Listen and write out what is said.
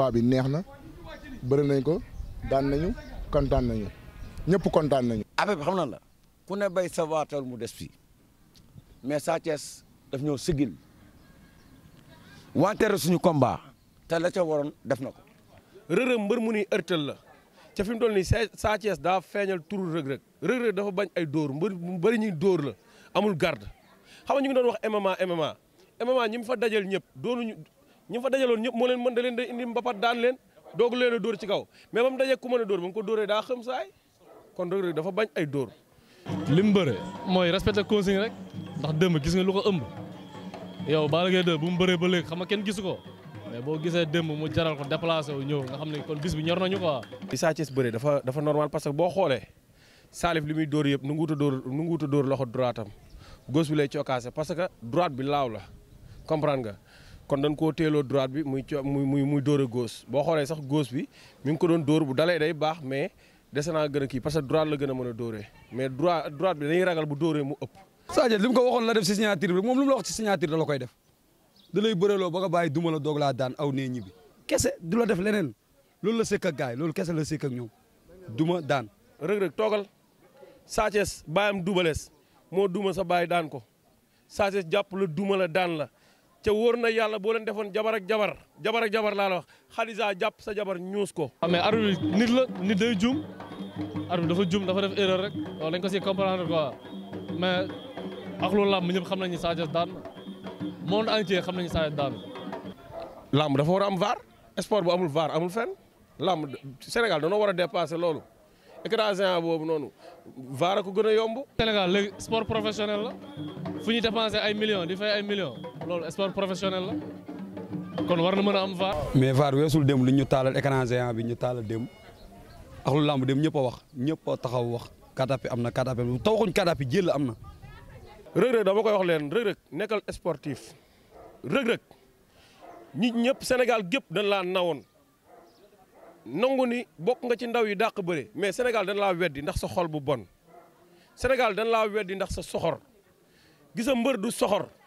combat bi neex na bëri nañ ko daan nañu kontaan nañu ñëpp kontaan nañu. affaire bi xam na la ku ne bay sa waatal mu des fii mais Sa daf ñëw sigil wanteer suñu combat te la ca waroon def na ko. rërëm mbër mu ni ërtal la ca fi mu toll daa feeñal turu rëg-rëg rëg dafa bañ ay dóor mbër mu bëri ñuy dóor la amul garde xam ñu ngi wax MMA MMA MMA fa dajal ñëpp ñi fa dajaloon ñëpp moo leen mën da leen day indi mbapat daan leen doog leen a dóor ci kaw mais ba mu dajee ku mën a dóor ba mu ko dóoree daa xam saay kon Reug Reug dafa bañ ay door li mu bëre mooy respecté consigne rek ndax démb gis nga lu ko ëmb yow Balla Gaye 2 bu mu bëree ba léegi xam nga kenn gisu ko mais boo gisee démb mu jaral ko déplacé wu ñëw nga xam ne kon bis bi ñor nañu ko li Sa Thiès bëree dafa dafa parce que boo xoolee Salif li muy dóor yëpp nu nguuta dóor dóor loxo droitam gauche bi lay cookaase parce que droite bi laaw la comprendre nga. kon dañ koo teeloo droite bi muy muy muy muy dóor a boo xoolee sax gauche bi mi ngi ko doon dóor bu dalee day baax mais dese naa gën a kii parce que droite la gën a mën a dóoree mais droite droite bi dañuy ragal bu dóoree mu ëpp. Sadio li mu ko waxoon la def si signature bi moom lu mu la wax si signature da koy def da lay bëreloo ba nga bàyyi duma la doog laa daan aw nee ñibbi kese du la def leneen loolu la sekk ak gaay loolu kese la sëkk ak ñoom duma daan. Reug toogal Sa Thiès baayam moo duma sa baay daan ko Sa Thiès jàpp la duma la. ca wóor na yàlla boo leen defoon jabar ak jabar jabar ak jabar laa la wax xalisa jàpp sa jabar ñuus ko. waaw ah, mais arbitre nit la nit day juum arbitre dafa juum dafa def erreur rek loolu dañ ko siy comprendre quoi mais ak lu làmb ñëpp xam nañu ne Sadio daan monde entier xam nañu ne Sadio daan. làmb dafa war a am vaar sport boo amul vaar amul fenn làmb Sénégal dañoo war a dépasser loolu. écrasement boobu noonu vaar a ko gën a yomb. Sénégal léegi sport professionnel la ñuy dépenser ay millions di fay ay millions. Lol, sport professionnel la kon war na mën a am VAR. mais VAR weesul dem lu ñu taalal écran géant bi ñu taalal dem ak lamb dem ñëpp a wax ñëpp a taxaw wax katapi am na katapi taw waxuñ katapi jël la am na. rëg-rëg dama koy wax leen rëg-rëg nekkal sportif rëg-rëg nit ñëpp Sénégal gépp dañ laa nawoon nangu ni bokk nga ci ndaw yi dàq bëre mais Sénégal dañ laa weddi ndax sa xol bu bon Sénégal dañ laa weddi ndax sa soxor gisa mbër du soxor.